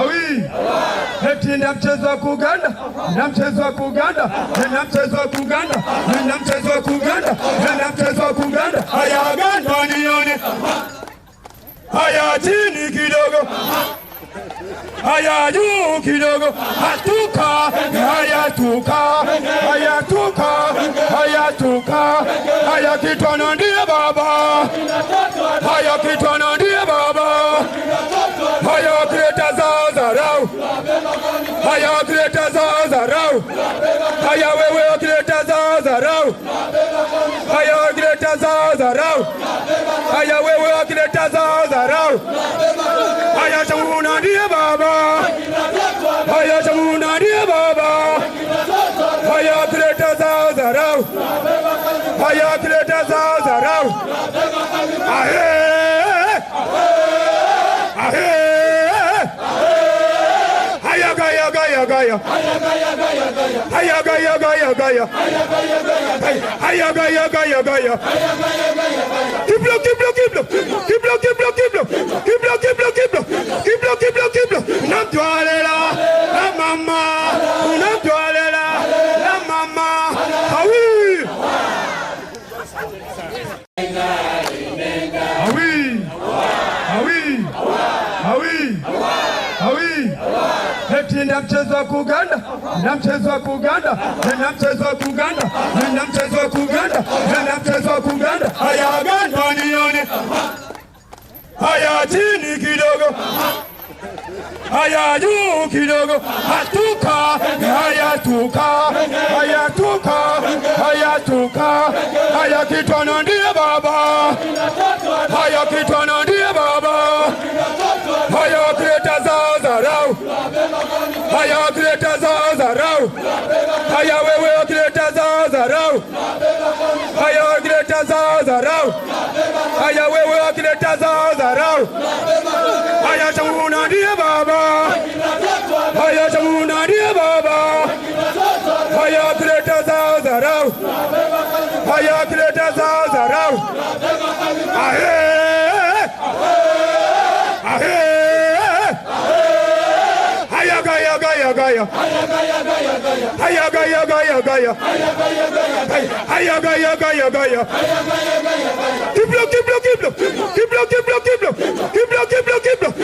Awi. Eti na mchezo wa kuganda na mchezo wa kuganda na mchezo wa kuganda na mchezo wa kuganda na mchezo wa kuganda Haya ganda nione, haya chini kidogo, haya juu kidogo, hatuka haya tuka haya tuka haya tuka haya kitwana ndiye baba, haya kitwana ndiye baba Haya wakileta za dharau, haya wewe wakileta za dharau, haya wakileta za dharau, haya wewe wakileta za dharau, haya shauna ndiye baba, haya shauna ndiye baba, haya wakileta za dharau, haya wakileta za dharau, ahe Aïe la maman la maman oui oui oui ah oui ah oui eti na mchezo wa kuuganda na mchezo wa kuuganda na mchezo wa kuuganda na mchezo wa kuuganda na mchezo wa kuuganda haya waganda nione haya chini kidogo haya juu kidogo, hatuka haya tuka haya tuka haya tuka haya kitwano ndiye baba, haya kitwano ndiye baba Haya wewe wakileta za dharau, haya wakileta za dharau, haya wewe wakileta za dharau, haya chamuna ndiye baba, haya chamuna ndiye baba, haya wakileta za dharau, haya wakileta za dharau, ahe gaya gaya haya gaya gaya gaya haya gaya gaya gaya Kiblo, kiblo, kiblo, kiblo, kiblo, kiblo, kiblo, kiblo, kiblo, kiblo,